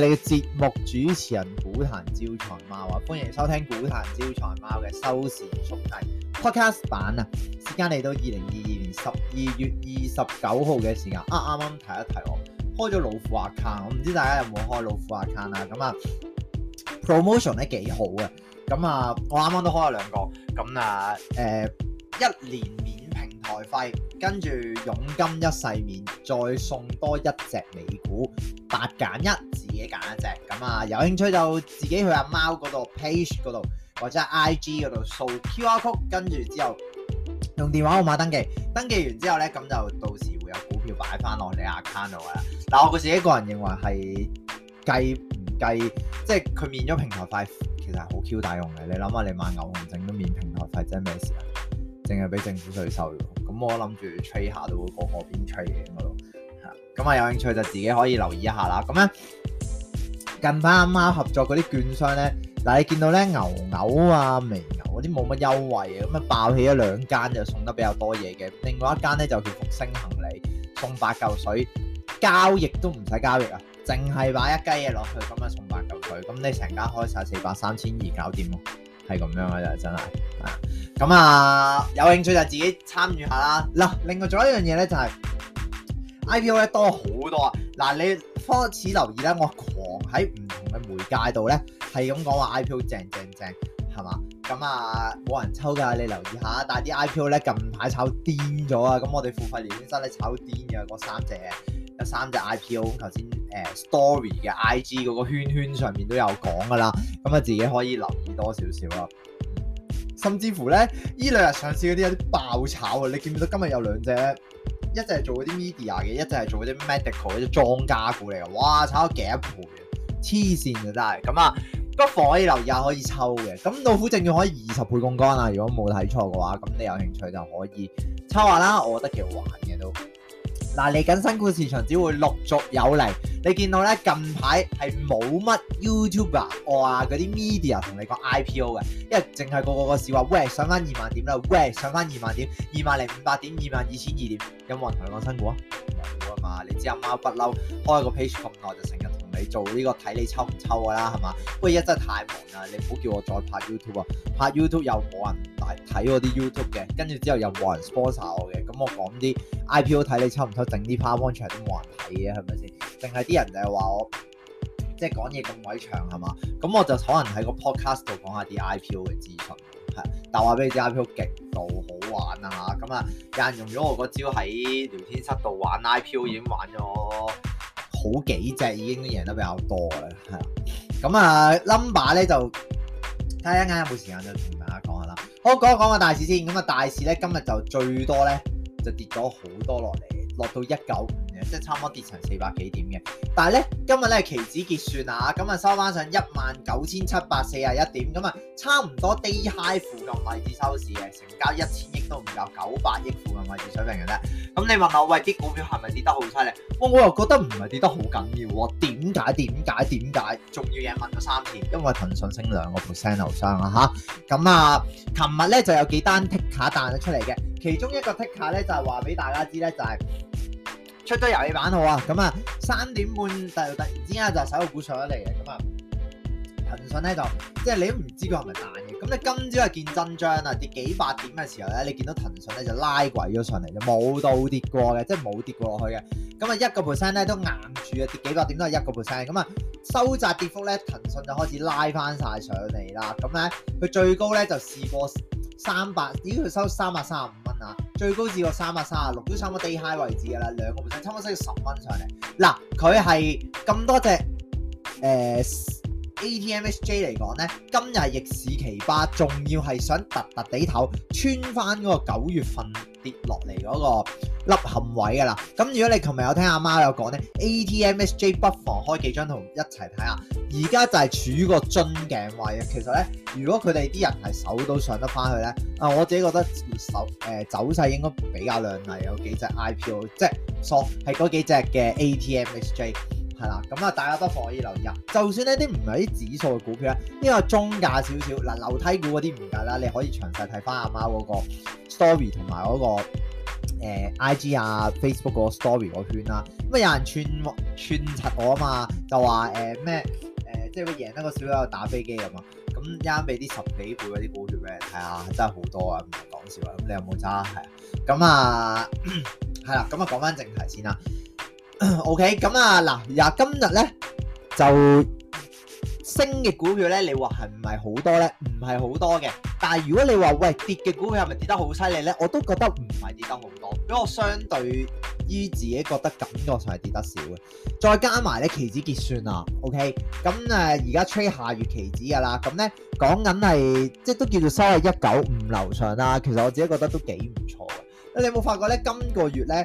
你嘅節目主持人股壇招財貓啊，歡迎收聽股壇招財貓嘅收市速遞 Podcast 版啊！時間嚟到二零二二年十二月二十九號嘅時間啊，啱啱提一提我開咗老虎 account。我唔知大家有冇開老虎 account 啊？咁啊 promotion 咧幾好啊。咁啊我啱啱都開咗兩個，咁啊誒、呃、一年。外費，跟住佣金一世面，再送多一隻美股八減一，自己揀一隻。咁啊，有興趣就自己去阿、啊、貓嗰度 page 嗰度或者 IG 嗰度掃 QR code，跟住之後用電話號碼登記，登記完之後咧，咁就到時會有股票擺翻落你 account 度噶啦。嗱，我自己個人認為係計唔計，即係佢免咗平台費，其實好 Q 大用嘅。你諗下，你買牛熊證都免平台費，即係咩事啊？淨係俾政府稅收喎，咁我諗住吹下都會過我邊吹嘅，我。咁啊，有興趣就自己可以留意一下啦。咁咧近排阿媽合作嗰啲券商咧，嗱你見到咧，牛牛啊、微牛嗰啲冇乜優惠嘅，咁啊爆起咗兩間就送得比較多嘢嘅，另外一間咧就叫復星恆利，送八嚿水，交易都唔使交易啊，淨係買一雞嘢落去咁啊送八嚿水，咁你成間開晒四百三千二搞掂喎，係咁樣啊真係啊！咁啊，有興趣就自己參與下啦。嗱，另外仲有一樣嘢咧，就係、是、IPO 咧多好多啊。嗱，你開始留意啦，我狂喺唔同嘅媒介度咧，係咁講話 IPO 正，正正正，係嘛？咁啊，冇人抽噶，你留意下。但係啲 IPO 咧近排炒癲咗啊！咁我哋付費廉先生咧炒癲嘅嗰三隻，有三隻 IPO，頭先誒 Story 嘅 IG 嗰個圈圈上面都有講噶啦。咁啊，自己可以留意多少少咯。甚至乎咧，呢兩日上市嗰啲有啲爆炒啊！你見唔見到今日有兩隻，一隻係做嗰啲 media 嘅，一隻係做嗰啲 medical 嗰啲莊家股嚟嘅，哇，炒咗幾多倍啊！黐線嘅！真係咁啊不妨可以留意下，可以抽嘅。咁老虎證券可以二十倍槓桿啊！如果冇睇錯嘅話，咁你有興趣就可以抽下啦。我覺得幾好玩嘅都。但係嚟緊新股市場只會陸續有嚟，你見到咧，近排係冇乜 YouTuber 或啲 media 同你講 IPO 嘅，因為淨係個個個市話，喂，上翻二萬點啦，喂上翻二萬點，二萬零五百點，二萬二千二點，有冇人同你講新股啊？有啊嘛，你知阿貓不嬲開個 page 咁耐就成。你做呢、呢個睇你抽唔抽噶啦，係嘛？不過而家真係太忙啦，你唔好叫我再拍 YouTube 啊！拍 YouTube 又冇人睇我啲 YouTube 嘅，跟住之後又冇人 sponsor 我嘅，咁我講啲 IPO 睇你抽唔抽，整啲 Power Lunch 都冇人睇嘅，係咪先？定係啲人就係、就是、話我即係講嘢咁鬼長係嘛？咁我就可能喺個 Podcast 度講一下啲 IPO 嘅資訊，係。但話俾你啲 IPO 極度好玩啊！咁啊，有人用咗我嗰招喺聊天室度玩 IPO 已經玩咗。嗯好幾隻已經贏得比較多啦，係啦，咁啊 number 咧就睇下啱有冇時間就同大家講下啦。好，講一講個大市先，咁啊大市咧今日就最多咧就跌咗好多落嚟，落到一九。即係差唔多跌成四百幾點嘅，但係咧今日咧期指結算啊，咁啊收翻上一萬九千七百四十一點，咁啊差唔多 day high 附近位置收市嘅，成交一千億都唔夠，九百億附近位置水平嘅啫。咁你問我喂啲股票係咪跌得好犀利？我又覺得唔係跌得好緊要喎，點解？點解？點解？仲要嘢問咗三次，因為騰訊升兩個 percent 後上啦吓，咁啊，琴日咧就有幾單 ticker 彈咗出嚟嘅，其中一個 ticker 咧就係話俾大家知咧就係、是。出咗遊戲版號啊！咁、嗯、啊，三點半就突然之間就係手股上咗嚟嘅，咁、嗯、啊騰訊咧就即係你都唔知佢係咪彈嘅。咁、嗯、你今朝係見真章啊。跌幾百點嘅時候咧，你見到騰訊咧就拉鬼咗上嚟，就冇到跌過嘅，即係冇跌過落去嘅。咁啊一個 percent 咧都硬住啊跌幾百點都係一個 percent。咁、嗯、啊收窄跌幅咧，騰訊就開始拉翻晒上嚟啦。咁咧佢最高咧就試過三百，已經佢收三百三十五。最高至過三百三十六，都差唔多 day high 位置嘅啦，兩個本身差唔多需要十蚊上嚟。嗱，佢係咁多隻誒。呃 ATMSJ 嚟講咧，今日逆市奇葩，仲要係想突突地唞，穿翻嗰個九月份跌落嚟嗰個凹陷位㗎喇。咁如果你琴日有聽阿媽，媽有講咧 ，ATMSJ 不妨開幾張圖一齊睇下。而家就係處於個樽頸位啊。其實咧，如果佢哋啲人係手都上得翻去咧，啊我自己覺得手誒走勢應該比較亮麗，有幾隻 IPO 即係索係嗰幾隻嘅 ATMSJ。係啦，咁啊，大家都可以留意。啊。就算呢啲唔係啲指數嘅股票咧，呢個中價少少嗱，樓梯股嗰啲唔計啦，你可以詳細睇翻阿貓嗰個 story 同埋嗰個、呃、IG 啊、Facebook 嗰個 story 嗰圈啦、啊。咁、嗯、啊，有人串串柒我啊嘛，就話誒咩誒，即係會贏得個少少打飛機啊。咁啱俾啲十幾倍嗰啲股票俾你睇下，真係好多啊，唔係講笑啊。咁你有冇揸？係啊，咁啊，係、嗯、啦，咁、嗯、啊，講翻正題先啦。O K，咁啊嗱，而家今日咧就升嘅股票咧，你話係唔係好多咧？唔係好多嘅。但係如果你話喂跌嘅股票係咪跌得好犀利咧？我都覺得唔係跌得好多，因為我相對於自己覺得感覺上係跌得少嘅。再加埋咧期指結算、okay? 啊，O K，咁誒而家 trade 下月期指噶啦，咁咧講緊係即係都叫做收喺一九五樓上啦。其實我自己覺得都幾唔錯嘅。你有冇發覺咧今個月咧？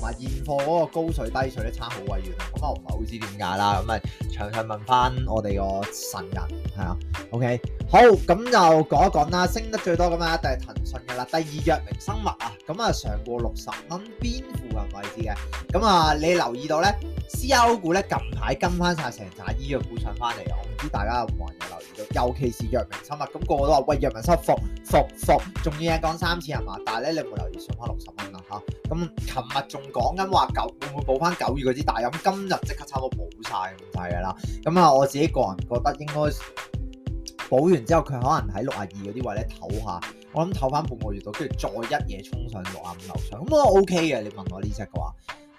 同埋現貨嗰個高水低水咧差好遠啊！咁我唔係好知點解啦，咁啊詳細問翻我哋個神人係啊，OK 好咁就講一講啦，升得最多咁啊，一定係騰訊嘅啦，第二藥明生物啊，咁啊上過六十蚊邊附近位置嘅，咁啊你留意到咧，CRO 股咧近排跟翻晒成紮醫藥股上翻嚟啊！我唔知大家有冇人留意到，尤其是藥明生物，咁、那個個都話喂藥明生伏伏伏，仲要係講三次係嘛？但係咧你冇留意上翻六十蚊啊嚇，咁琴日仲。講緊話九會唔會補翻九月嗰啲大咁，今日即刻差唔多補晒咁滯噶啦。咁啊，我自己個人覺得應該補完之後，佢可能喺六十二嗰啲位咧唞下，我諗唞翻半個月度，跟住再一夜衝上六十五樓上咁，我 OK 嘅。你問我呢隻嘅話，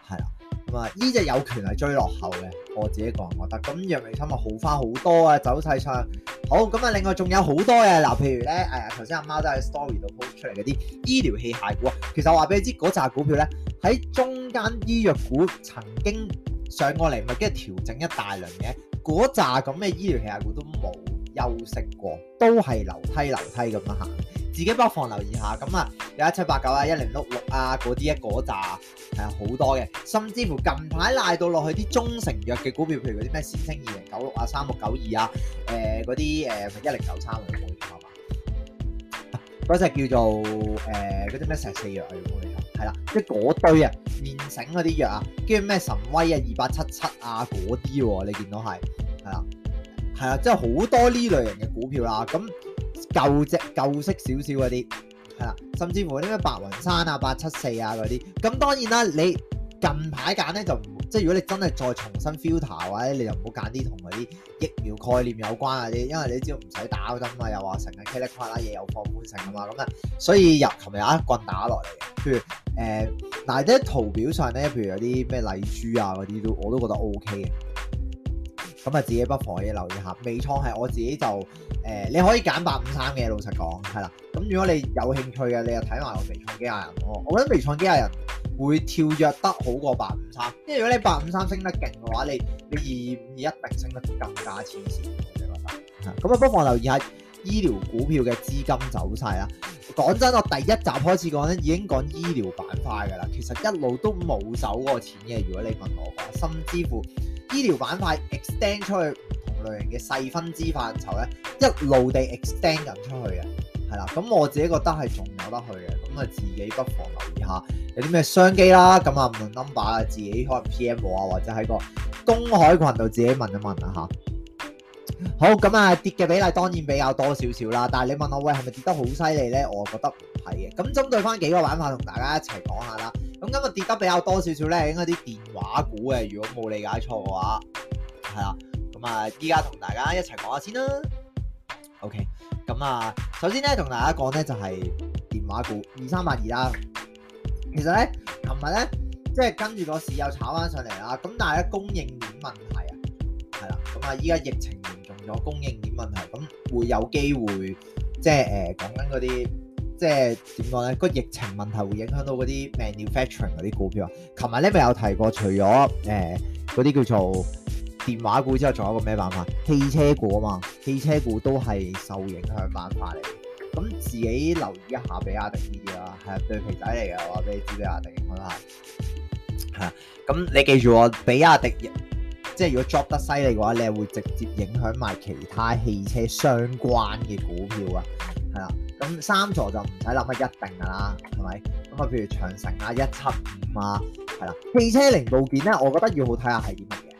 係啦咁啊，呢隻有權係追落後嘅。我自己個人覺得咁藥明參物好翻好多啊，走勢上好咁啊。另外仲有好多嘅嗱，譬如咧誒頭先阿媽都喺 story 度 post 出嚟嗰啲醫療器械股啊，其實我話俾你知嗰扎股票咧。喺中間醫藥股曾經上過嚟，咪跟住調整一大輪嘅，嗰扎咁嘅醫療器械股都冇休息過，都係樓梯樓梯咁樣行。自己不妨留意下，咁啊，有一七八九啊，一零六六啊，嗰啲一嗰扎係好多嘅，甚至乎近排賴到落去啲中成藥嘅股票，譬如嗰啲咩先聲二零九六啊，三六九二啊，誒嗰啲誒一零九三啊，嗰、呃、隻叫做誒嗰啲咩石四藥係啦，即係嗰堆啊，面醒嗰啲藥啊，跟住咩神威啊，二八七七啊，嗰啲喎，你見到係，係啦，係啦，即係好多呢類型嘅股票啦，咁舊隻舊式少少嗰啲，係啦，甚至乎啲咩白雲山啊，八七四啊嗰啲，咁當然啦，你近排揀咧就。唔。即係如果你真係再重新 filter 或者你就唔好揀啲同嗰啲疫苗概念有關嗰啲，因為你知唔使打針啊嘛，又話成日茄粒瓜啦嘢又放半成啊嘛，咁啊，所以入琴日一棍打落嚟。譬如誒，嗱、呃、啲圖表上咧，譬如有啲咩麗珠啊嗰啲都我都覺得 O K 嘅。咁啊，自己不妨可以留意下微創係我自己就誒、呃，你可以揀八五三嘅，老實講係啦。咁如果你有興趣嘅，你又睇埋我微創機械人，我覺得微創機械人，會跳躍得好過八五三，因為如果你八五三升得勁嘅話，你你二二五一定升得更加黐線，我覺得。嚇、嗯，咁啊，不妨留意下醫療股票嘅資金走曬走勢啦。講真，我第一集開始講咧，已經講醫療板塊㗎喇。其實一路都冇走過錢嘅。如果你問我嘅話，甚至乎醫療板塊 extend 出去唔同類型嘅細分支範疇咧，一路地 extend 緊出去嘅。係啦，咁我自己覺得係仲有得去嘅，咁啊自己不妨留意下有啲咩商機啦。咁啊，唔論 number 啊，自己可能 PM 我啊，或者喺個公海群度自己問一問啦吓。好，咁啊跌嘅比例當然比較多少少啦，但係你問我，喂，係咪跌得好犀利咧？我覺得唔係嘅。咁針對翻幾個玩法，同大家一齊講下啦。咁今日跌得比較多少少咧，應該啲電話股嘅，如果冇理解錯嘅話，係啦。咁啊，依家同大家一齊講下先啦。OK。咁啊、嗯，首先咧同大家講咧就係、是、電話股二三萬二啦。2, 3, 2, 3, 2, 1, 其實咧，琴日咧即係跟住個市又炒翻上嚟啦。咁但係咧，供應鏈問題啊，係啦。咁啊，依家疫情嚴重咗，供應鏈問題咁會有機會即係誒講緊嗰啲，即係點、呃、講咧？個疫情問題會影響到嗰啲 manufacturing 嗰啲股票啊。琴日咧咪有提過，除咗誒嗰啲叫做。電話股之後仲有一個咩辦法？汽車股啊嘛，汽車股都係受影響板塊嚟嘅。咁自己留意一下比亞迪啲嘢啦，係啊，對皮仔嚟嘅，我話俾你知比亞迪我都係，吓咁、啊、你記住我，比亞迪即係如果 drop 得犀利嘅話，你會直接影響埋其他汽車相關嘅股票啊。係啦，咁三座就唔使諗一定噶啦，係咪？咁啊，譬如長城啊，一七五啊，係啦、啊，汽車零部件咧，我覺得要好睇下係啲乜嘢。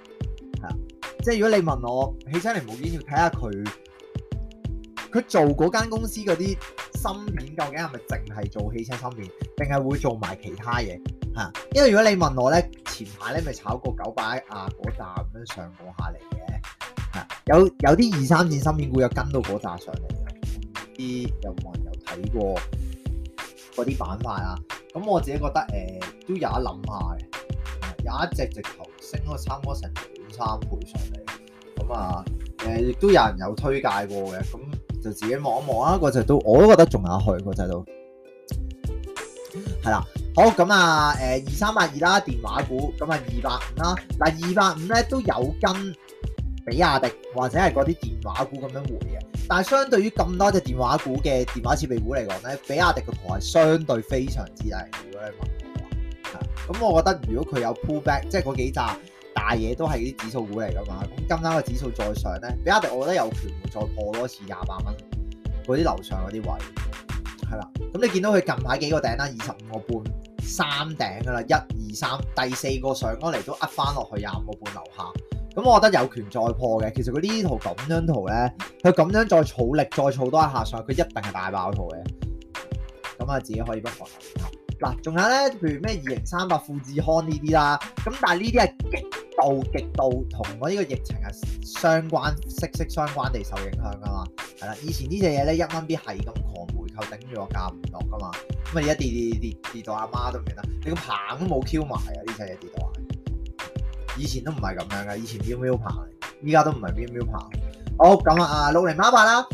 即係如果你問我汽車零部件要睇下佢，佢做嗰間公司嗰啲芯片究竟係咪淨係做汽車芯片，定係會做埋其他嘢？嚇！因為如果你問我咧，前排咧咪炒過九百啊嗰扎咁樣上過下嚟嘅，嚇！有有啲二三線芯片股有跟到嗰扎上嚟嘅，唔知有冇人有睇過嗰啲板塊啊？咁我自己覺得誒，都有一諗下嘅，有一隻直頭升咗差唔多成三倍上嚟，咁啊，誒、呃，亦都有人有推介過嘅，咁就自己望一望啦，個就都我都覺得仲有去個就都，係啦。好咁啊，誒，二三八二啦，電話股，咁啊，二百五啦。嗱，二百五咧都有跟比亞迪或者係嗰啲電話股咁樣回嘅，但係相對於咁多隻電話股嘅電話設備股嚟講咧，比亞迪個圖係相對非常之大。如果你問我啊，咁我覺得如果佢有 pull back，即係嗰幾扎。大嘢都係啲指數股嚟㗎嘛。咁今晚個指數再上咧，比亞迪我覺得有權會再破多次廿八蚊嗰啲樓上嗰啲位係啦。咁你見到佢近排幾個頂啦，二十五個半三頂㗎啦，一、二、三，第四個上翻嚟都呃翻落去廿五個半樓下。咁我覺得有權再破嘅。其實佢呢啲圖咁樣圖咧，佢咁樣再儲力再儲多一下上，佢一定係大爆圖嘅。咁啊，自己可以不防不妨啦。嗱、啊，仲有咧，譬如咩二零三八富智康呢啲啦。咁但係呢啲係。就極度同我呢、這個疫情係相關，息息相關地受影響啊嘛，係啦。以前呢隻嘢咧一蚊必係咁狂回購，頂住我價唔落噶嘛，咁啊而家跌跌跌跌，跌到阿媽都唔認得，你、這個行都冇 Q 埋啊！呢隻嘢跌到，啊，以前都唔係咁樣嘅，以前喵喵行，依家都唔係喵喵行。好、oh, 咁啊，六零八八啦，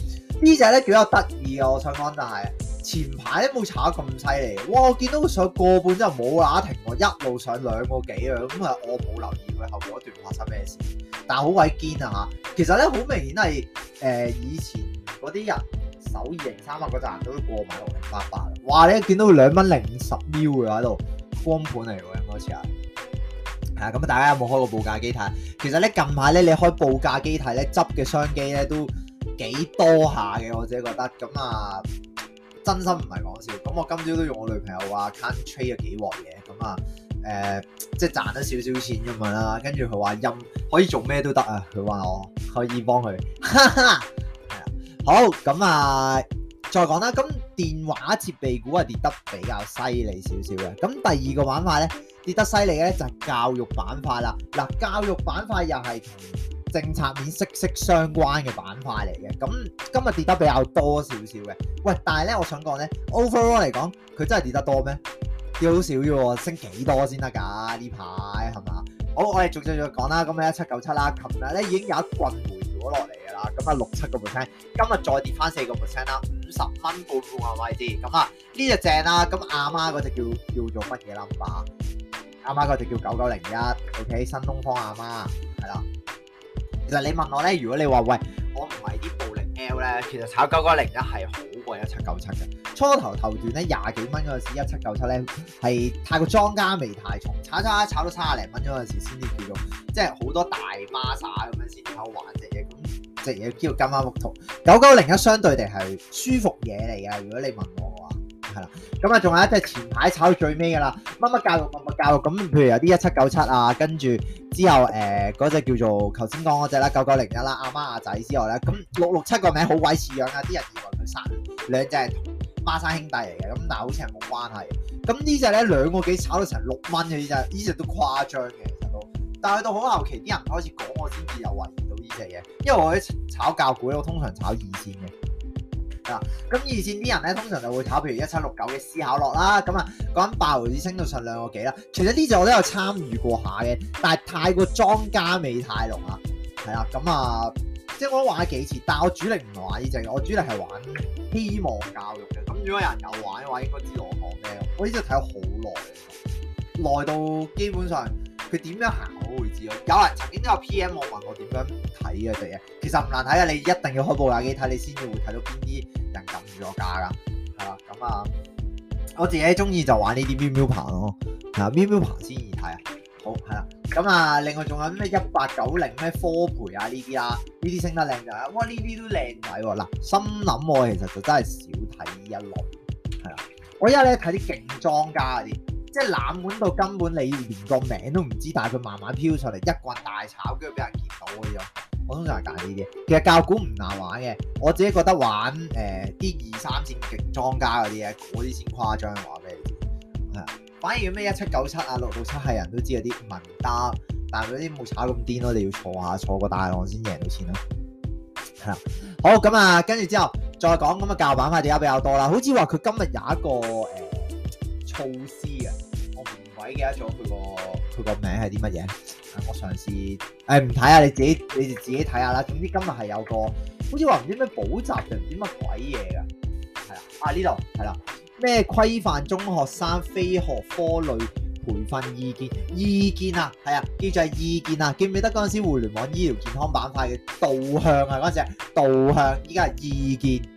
呢隻咧比較得意嘅，我想講就係。前排都冇查得咁犀利，哇！我見到佢上個半之後冇乸停我一路上兩個幾啊，咁啊我冇留意佢後果一段發生咩事，但好鬼堅啊嚇！其實咧好明顯係誒、呃、以前嗰啲人首二零三八嗰陣都過埋六零八八啦，哇！你見到佢兩蚊零五十秒嘅喺度，光盤嚟嘅應該似係，係咁、啊、大家有冇開過報價機睇？其實咧近排咧你開報價機睇咧執嘅商機咧都幾多下嘅，我自己覺得咁啊。真心唔係講笑，咁我今朝都用我女朋友話 can trade 咗幾鑊嘢，咁啊誒，即係賺咗少少錢咁樣啦，跟住佢話陰可以做咩都得啊，佢話我可以幫佢，係 啊，好咁啊，再講啦，咁電話設備股係跌得比較犀利少少嘅，咁第二個板塊咧跌得犀利咧就係教育板塊啦，嗱教育板塊又係。政策面息息相關嘅板塊嚟嘅，咁今日跌得比較多少少嘅。喂，但係咧，我想講咧，overall 嚟講，佢真係跌得多咩？要好少要升幾多先得㗎？呢排係嘛？好，我哋續續續講啦。咁咧七九七啦，琴日咧已經有一棍回調咗落嚟㗎啦。咁啊，六七個 percent，今日再跌翻四個 percent 啦，五十蚊半半嘅位置咁啊，呢隻、這個、正啦。咁阿媽嗰隻叫叫做乜嘢 number？阿媽嗰隻叫九九零一，OK，新東方阿媽係啦。其實你問我咧，如果你話喂，我唔係啲暴力 L 咧，其實炒九九零一係好過一七九七嘅。初頭頭段咧廿幾蚊嗰陣時，一七九七咧係太過莊家味太重，炒一炒到三十零蚊嗰陣時，先至叫做即係好多大孖散咁樣先，然後玩隻嘢，咁隻嘢叫金包木圖。九九零一相對地係舒服嘢嚟噶。如果你問我。係啦，咁啊仲有一隻前排炒到最尾噶啦，乜乜教育，乜乜教育，咁譬如有啲一七九七啊，跟住之後誒嗰隻叫做頭先講嗰隻啦，九九零一啦，阿媽阿仔之外咧，咁六六七個名好鬼似樣啊，啲人以為佢生兩隻係孖生兄弟嚟嘅，咁但係好似係冇關係。咁呢隻咧兩個幾炒到成六蚊嘅呢隻，呢隻都誇張嘅，其實都。但係到好後期啲人開始講，我先至有懷疑到呢隻嘢，因為我喺炒教股我通常炒二線嘅。咁、嗯、以前啲人咧通常就會炒，譬如一七六九嘅思考樂啦，咁啊講緊八毫子升到上兩個幾啦。其實呢隻我都有參與過下嘅，但係太過莊家味太濃啊，係、嗯、啦，咁、嗯、啊即係我都玩咗幾次，但係我主力唔玩呢隻，我主力係玩希望教育嘅。咁、嗯、如果有人有玩嘅話，應該知道我講咩。我呢隻睇咗好耐，耐到基本上佢點樣行？好，有人曾經都有 P.M. 我問我點樣睇嘅嘅。其實唔難睇啊，你一定要開部打機睇，你先至會睇到邊啲人撳住我。價噶，係、嗯、啦，咁、嗯、啊，我自己中意就玩呢啲喵喵盤咯，嗱，喵喵盤先易睇啊，好，係啦，咁、嗯、啊、嗯，另外仲有咩一八九零咩科培啊呢啲啦，呢啲、啊、升得靚就係，哇呢啲都靚仔喎，嗱、嗯，心諗我其實就真係少睇呢一類，係啦，我依家咧睇啲勁莊家嗰啲。即係冷門到根本你連個名都唔知，但係佢慢慢飄上嚟一棍大炒，跟住俾人見到啲咯。我通常係講呢啲其實教股唔難玩嘅，我自己覺得玩誒啲、呃、二三線勁莊家嗰啲咧，嗰啲先誇張話俾你知。係反而咩一七九七啊、六六七係人都知嗰啲唔得，但係嗰啲冇炒咁癲咯。你要坐下坐個大浪先贏到錢咯。係啊，好咁啊，跟住之後再講咁嘅教板塊而家比較多啦。好似話佢今日有一個誒。呃措施、欸、啊，我唔鬼記得咗佢個佢個名係啲乜嘢？我嘗試誒，唔睇下你自己你就自己睇下啦。總之今日係有個，好似話唔知咩補習定唔知乜鬼嘢噶，係啦啊，呢度係啦，咩規範中學生非學科類培訓意見？意見啊，係啊，記住係意見啊，記唔記得嗰陣時互聯網醫療健康板塊嘅導向啊？嗰陣時係導向，依家係意見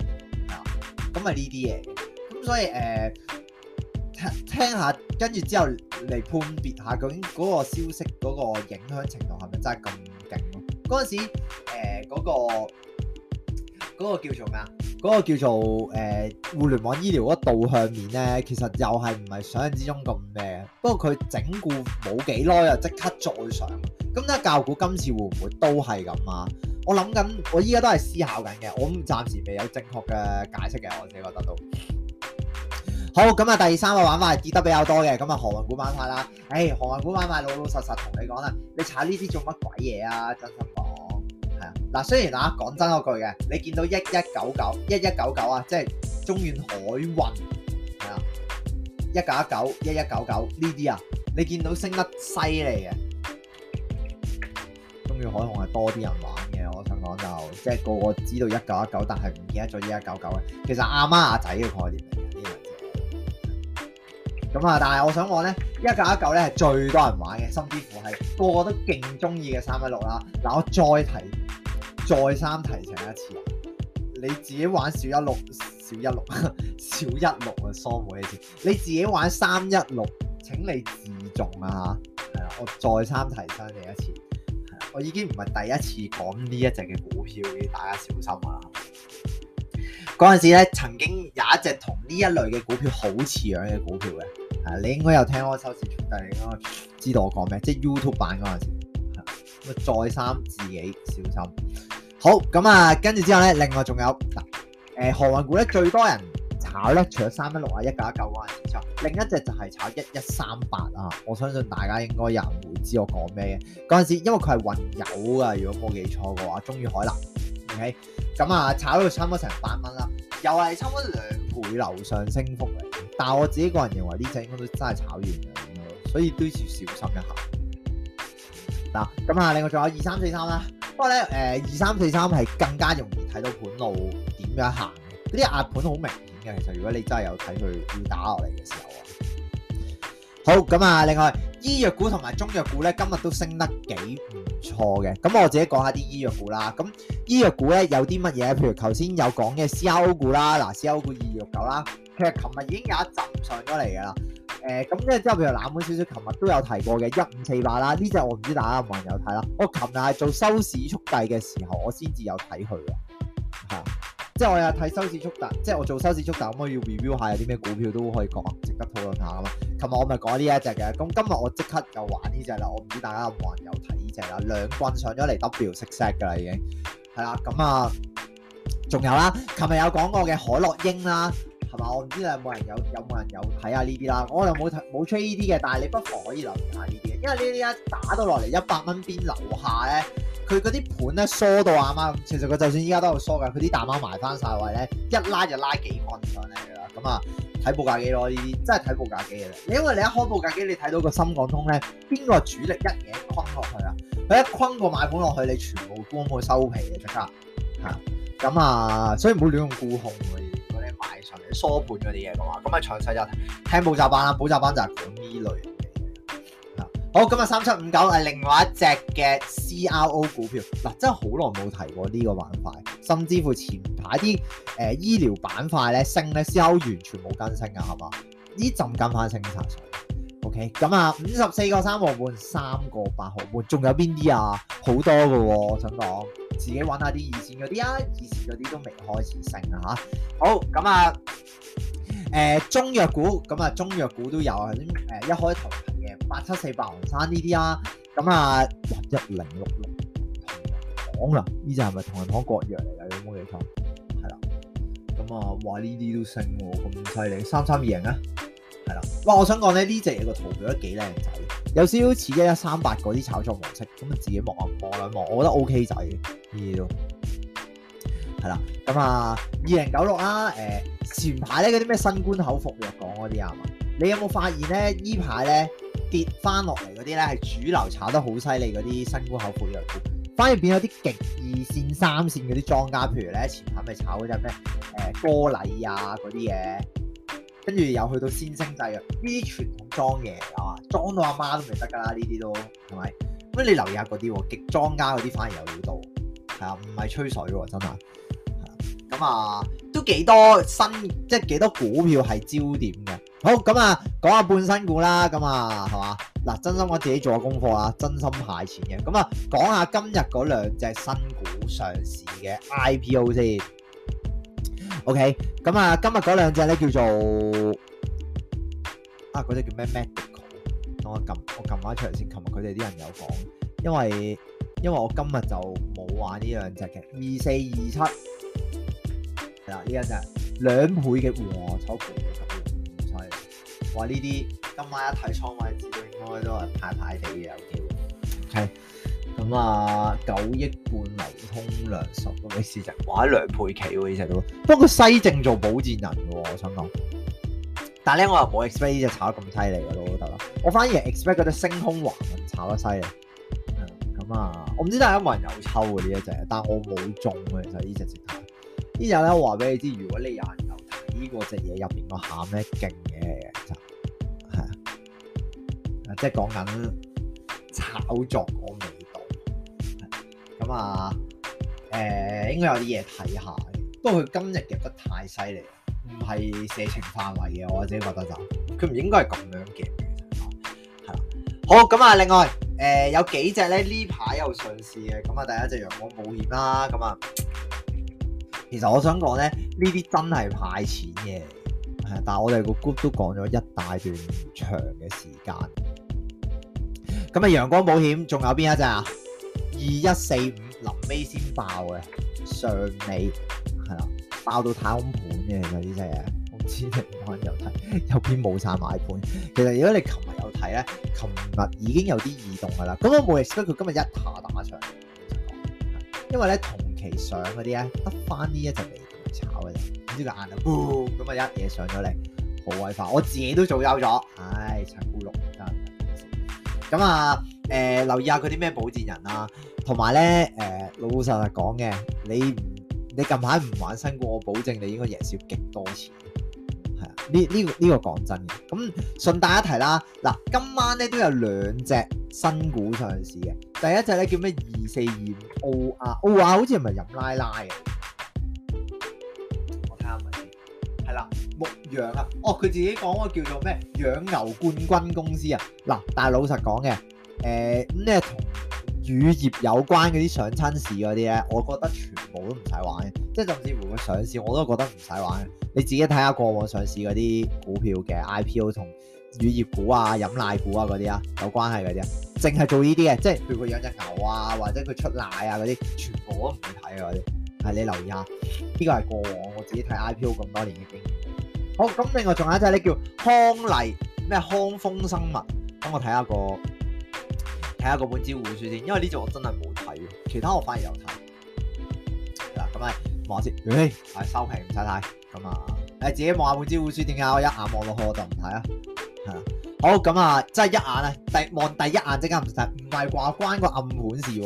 啊，咁啊呢啲嘢，咁所以誒。呃聽下，跟住之後嚟判別下究竟嗰個消息嗰個影響程度係咪真係咁勁？嗰陣時，誒、呃、嗰、嗰個嗰個叫做咩啊？嗰、嗰個叫做誒、呃、互聯網醫療嗰個導向面咧，其實又係唔係想象之中咁咩？不過佢整固冇幾耐啊，即刻再上。咁咧，教股今次會唔會都係咁啊？我諗緊，我依家都係思考緊嘅，我暫時未有正確嘅解釋嘅，我自己覺得都。好咁啊、嗯，第三個玩法係跌得比較多嘅，咁、嗯、啊，航運古玩法啦。誒、欸，航運股玩法老老實實同你講啦，你查呢啲做乜鬼嘢啊？真心講，係啊。嗱，雖然啊，講真嗰句嘅，你見到一一九九一一九九啊，即係中遠海運啊，一九一九一一九九呢啲啊，你見到升得犀利嘅，中遠海控係多啲人玩嘅，我想講就是、即係個個知道一九一九，但係唔記得咗一一九九嘅，其實阿媽阿仔嘅概念嚟嘅。咁啊，但係我想講咧，一九一九咧係最多人玩嘅，甚至乎係個個都勁中意嘅三一六啦。嗱，我再提再三提醒一次，你自己玩小一六、小一六、小一六、小一六、一六、小一六、小一六啊，梳妹好次，你自己玩三一六，請你自重啊吓。係啊，我再三提醒你一次，我已經唔係第一次講呢一隻嘅股票，要大家小心啊！嗰陣時咧，曾經有一隻同呢一類嘅股票好似樣嘅股票嘅。你應該有聽我收市速遞，應該知道我講咩，即係 YouTube 版嗰陣時，再三自己小心。好，咁、嗯、啊，跟住之後咧，另外仲有誒航運股咧最多人炒咧，除咗三一六啊一九一九嗰陣時之外，另一隻就係炒一一三八啊，我相信大家應該又唔會知我講咩嘅。嗰陣時因為佢係混有啊。如果冇記錯嘅話，中遠海能。OK，咁啊炒到差唔多成百蚊啦，又係差唔多兩倍樓上升幅但係我自己個人認為呢隻應該都真係炒完嘅，所以都要小心一下。嗱，咁啊，另外仲有二三四三啦，不過咧，誒、呃，二三四三係更加容易睇到盤路點樣行，呢啲壓盤好明顯嘅。其實如果你真係有睇佢要打落嚟嘅時候啊，好，咁啊，另外醫藥股同埋中藥股咧，今日都升得幾唔錯嘅。咁我自己講下啲醫藥股啦，咁醫藥股咧有啲乜嘢？譬如頭先有講嘅 C O 股啦，、啊、C 股 2, 啦，嗱，C O 股二六九啦。其實琴日已經有一集上咗嚟嘅啦，誒咁即係之後譬如冷門少少，琴日都有提過嘅一五四八啦。呢隻我唔知大家有冇人有睇啦。我琴日係做收市速遞嘅時候，我先至有睇佢嘅，係即係我有睇收市速遞，即係我做收市速遞，咁、嗯、我要 review 下有啲咩股票都可以講，值得討論下啊嘛。琴日我咪講呢一隻嘅，咁今日我即刻又玩呢隻啦。我唔知大家有冇人有睇呢隻啦，兩棍上咗嚟，W six six 嘅啦已經係啦。咁啊，仲有啦，琴日有講過嘅海洛英啦。係嘛？我唔知咧，有冇人有有冇人有睇下呢啲啦？我就冇睇冇追呢啲嘅，但係你不妨可以留下呢啲，因為呢啲一打梯梯梯到落嚟一百蚊邊樓下咧，佢嗰啲盤咧縮到阿媽，其實佢就算依家都喺度縮嘅，佢啲大孖埋翻晒位咧，一拉就拉幾棍上嚟噶啦。咁啊，睇報價機咯，呢啲真係睇報價機嘅你因為你一開報價機，你睇到個深港通咧，邊個主力一嘢坤落去啊？佢一坤個買盤落去，你全部光可收皮嘅啫啦。吓，咁啊，所以唔好亂用沽控。買上嚟、疏盤嗰啲嘢嘅話，咁啊詳細就聽補習班啦。補習班就係講呢類型嘅嘢。好，咁啊三七五九係另外一隻嘅 CRO 股票，嗱、啊、真係好耐冇提過呢個板塊，甚至乎前排啲誒醫療板塊咧升咧，CRO 完全冇跟升嘅，係嘛？依陣跟翻升曬，OK、啊。咁啊五十四個三毫半，三個八毫半，仲有邊啲啊？好多嘅喎、啊，我想講。自己揾下啲二線嗰啲啊，以前嗰啲都未開始升啊嚇。好咁啊，誒、呃、中藥股咁啊，中藥股都有啲誒一開頭嘅八七四、白雲山呢啲啊。咁啊，一零六六同仁堂啊，呢隻係咪同仁堂國藥嚟㗎？有冇嘢睇？係啦，咁啊，話呢啲都升喎，咁犀利，三三二贏啊！係啦，哇！我想講咧呢隻嘢個圖表都幾靚仔，有少少似一一三八嗰啲炒作模式，咁啊自己望下，望兩望，我覺得 O、OK、K 仔嘅，要係啦。咁啊，二零九六啦。誒、呃，前排咧嗰啲咩新冠口服藥講嗰啲啊嘛，你有冇發現咧？呢排咧跌翻落嚟嗰啲咧係主流炒得好犀利嗰啲新冠口服藥股，反而變咗啲極二線、三線嗰啲莊家，譬如咧前排咪炒嗰隻咩誒歌禮啊嗰啲嘢。跟住又去到先升制啊，非傳統裝嘢啊，裝到阿媽都未得噶啦，呢啲都係咪？咁你留意下嗰啲極莊家嗰啲反而有料到，係啊，唔係吹水喎，真係。咁啊，都幾多新，即係幾多股票係焦點嘅。好，咁啊，講下半新股啦，咁啊，係嘛？嗱，真心我自己做下功課啦，真心派錢嘅。咁啊，講下今日嗰兩隻新股上市嘅 IPO 先。OK，咁、嗯、啊，今日嗰兩隻咧叫做啊，嗰隻叫咩？Medical，等我撳，我撳翻出嚟先。琴日佢哋啲人有講，因為因為我今日就冇玩呢兩隻嘅二四二七，係、嗯、啦，呢一隻兩倍嘅黃倉盤嘅咁樣，唔錯嘅。哇！呢啲今晚一睇倉位，知道應該都係派派地嘅有啲喎。Okay。咁啊，九億半流通量十個，市值，或者兩倍企喎呢隻都，不過西正做保薦人嘅喎，我想講。但咧我又冇 expect 呢隻炒得咁犀利嘅咯，覺得啦。我反而 expect 嗰隻星空華文炒得犀利。咁、嗯、啊、嗯嗯，我唔知大家冇人有抽嘅呢一隻，但我冇中嘅就呢隻直頭。呢隻咧，我話俾你知，如果你有人有睇過隻嘢入邊個餡咧，勁嘅就係啊，即係講緊炒作我未。嘛，誒、嗯，應該有啲嘢睇下，不過佢今日入得太犀利，唔係射程範圍嘅，我自己覺得就是，佢唔應該係咁樣嘅，係、嗯、啦，好，咁、嗯、啊，另外，誒、嗯，有幾隻咧呢排又上市嘅，咁、嗯、啊，第一隻陽光保險啦，咁、嗯、啊，其實我想講咧，呢啲真係派錢嘅，係、嗯，但我哋個 group 都講咗一大段長嘅時間，咁、嗯、啊，陽光保險仲有邊一隻啊？二一四五臨尾先爆嘅，上尾係啦，爆到太空盤嘅其實呢啲真係，好似你冇睇又睇又變冇晒買盤。其實如果你琴日有睇咧，琴日已經有啲異動噶啦。咁我冇意思，不過今日一下打上，因為咧同期上嗰啲咧得翻呢一隻嚟炒嘅啫。唔知佢硬到 boom 咁啊，一嘢上咗嚟好鬼快。我自己都做休咗，唉、哎，七古六得唔咁啊。誒、呃，留意下佢啲咩保薦人啊，同埋咧，誒、呃，老老實實講嘅，你你近排唔玩新股，我保證你應該贏少極多錢，係啊，呢呢呢個講、這個、真嘅。咁、嗯、順帶一提啦，嗱，今晚咧都有兩隻新股上市嘅，第一隻咧叫咩二四二五 O R O R，好似係咪飲拉拉嘅。我睇下係啦，牧羊啊，哦，佢自己講嗰個叫做咩養牛冠軍公司啊，嗱，但係老實講嘅。誒，咁同乳業有關嗰啲上親市嗰啲咧，我覺得全部都唔使玩嘅，即係甚至乎佢上市，我都覺得唔使玩嘅。你自己睇下過往上市嗰啲股票嘅 IPO 同乳業股啊、飲奶股啊嗰啲啊，有關係嗰啲啊，淨係做呢啲嘅，即係譬如佢養隻牛啊，或者佢出奶啊嗰啲，全部都唔會睇嗰啲。係你留意下，呢個係過往我自己睇 IPO 咁多年嘅經驗。好，咁另外仲有一隻咧，叫康麗，咩康豐生物，等我睇下個。睇下嗰本招股書先，因為呢組我真係冇睇，其他我反而有睇。嗱，咁咪望下先，誒、欸，收皮唔使睇咁啊。誒，自己望下本招股書，點解我一眼望落去我就唔睇啊？係啊，好咁啊，即係一眼啊，第望第一眼即刻唔使睇，唔係話關個暗盤事，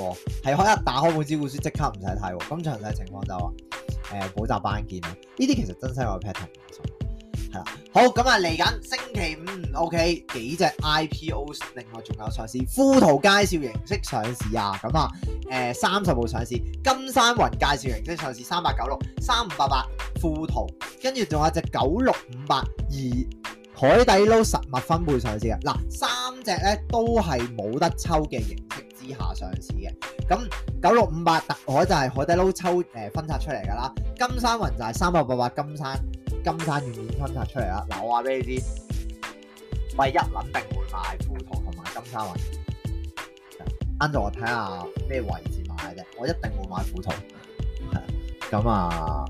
係一打開本招股書即刻唔使睇。咁詳細情況就話、是、誒，補、呃、習班見啦。呢啲其實真係有 pattern。好咁啊，嚟緊星期五 OK，隻、O K，幾隻 I P O。另外仲有上市，富途介紹形式上市啊，咁啊，誒、呃，三十號上市，金山雲介紹形式上市，三八九六，三五八八，富途，跟住仲有隻九六五八而海底撈實物分配上市嘅，嗱，三隻咧都係冇得抽嘅形式之下上市嘅，咁九六五八，特海就係海底撈抽誒、呃、分拆出嚟噶啦，金山雲就係三八八八金山。金山軟件分拆出嚟啊！嗱，我話俾你知，我一諗定會買富途同埋金山雲。啱就我睇下咩位置買啫，我一定會買富途。咁、嗯嗯、啊，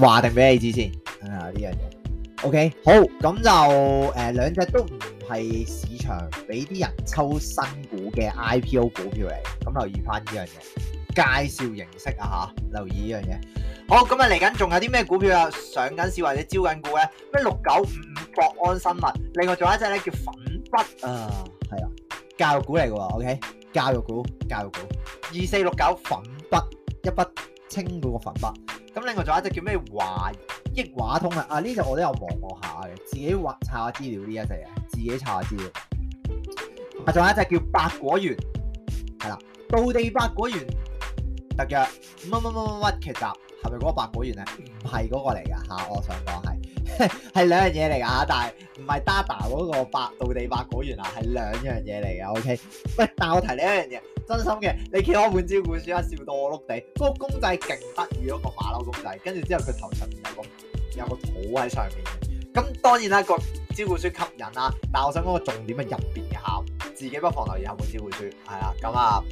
話定俾你知先，睇下呢樣嘢。OK，好，咁就誒、呃、兩隻都唔係市場俾啲人抽新股嘅 IPO 股票嚟，咁留意翻呢樣嘢。嗯介紹形式啊吓，留意依樣嘢。好，咁啊嚟緊仲有啲咩股票啊上緊市或者招緊股咧？咩六九五五國安生物，另外仲有一隻咧叫粉筆啊，係啊，教育股嚟嘅喎，OK，教育股，教育股，二四六九粉筆，一筆清嗰個粉筆。咁另外仲有一隻叫咩華億華通啊，啊呢隻我都有望過下嘅，自己畫查下資料呢一隻嘢，自己查下資料。啊，仲有一隻叫百果園，係啦，道地百果園。特約乜乜乜乜乜，劇集，係咪嗰個百果園咧？唔係嗰個嚟噶嚇，我想講係係兩樣嘢嚟噶嚇，但係唔係 Dada 嗰個百度地百果園啊，係兩樣嘢嚟噶。OK，喂，但我提另一樣嘢，真心嘅，你睇我本招股書啦，笑到我碌地，嗰個公仔勁得意，嗰個馬騮公仔，跟住之後佢頭上面有個有個肚喺上面嘅。咁當然啦，個招股書吸引啦，但我想講個重點係入邊嘅餡，自己不妨留意一下一本招股書係啦。咁啊，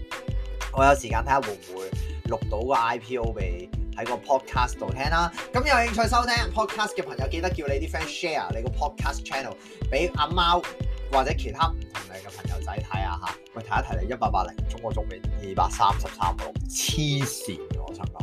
我有時間睇下會唔會。錄到 IP 個 IPO 俾喺個 podcast 度聽啦，咁有興趣收聽 podcast 嘅朋友記得叫你啲 friend share 你個 podcast channel 俾阿貓或者其他唔同靚嘅朋友仔睇下嚇，喂，睇一睇你一八八零中國中免二百三十三個，黐線嘅我想講，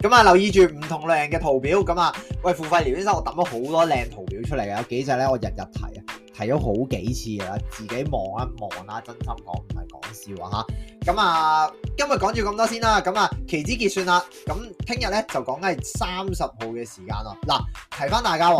咁啊留意住唔同靚嘅圖表，咁啊喂付費廖醫生，我揼咗好多靚圖表出嚟嘅，有幾隻咧我日日睇啊。睇咗好幾次啦，自己望一望啦，真心講唔係講笑㗎吓，咁啊今日講住咁多先啦，咁啊期指結算啦，咁聽日咧就講緊係三十號嘅時間囉，嗱提翻大家，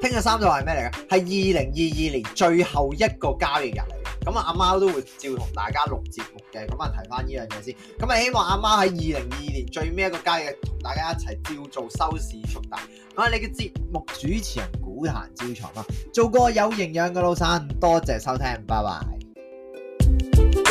聽日三十號係咩嚟嘅？係二零二二年最後一個交易日嚟。咁啊，阿貓都會照同大家錄節目嘅。咁啊，提翻呢樣嘢先。咁啊，希望阿貓喺二零二二年最尾一個交易日同大家一齊照做收市速遞啊！你嘅節目主持人股壇招財貓啊，做個有營養嘅老生，多謝收聽，拜拜。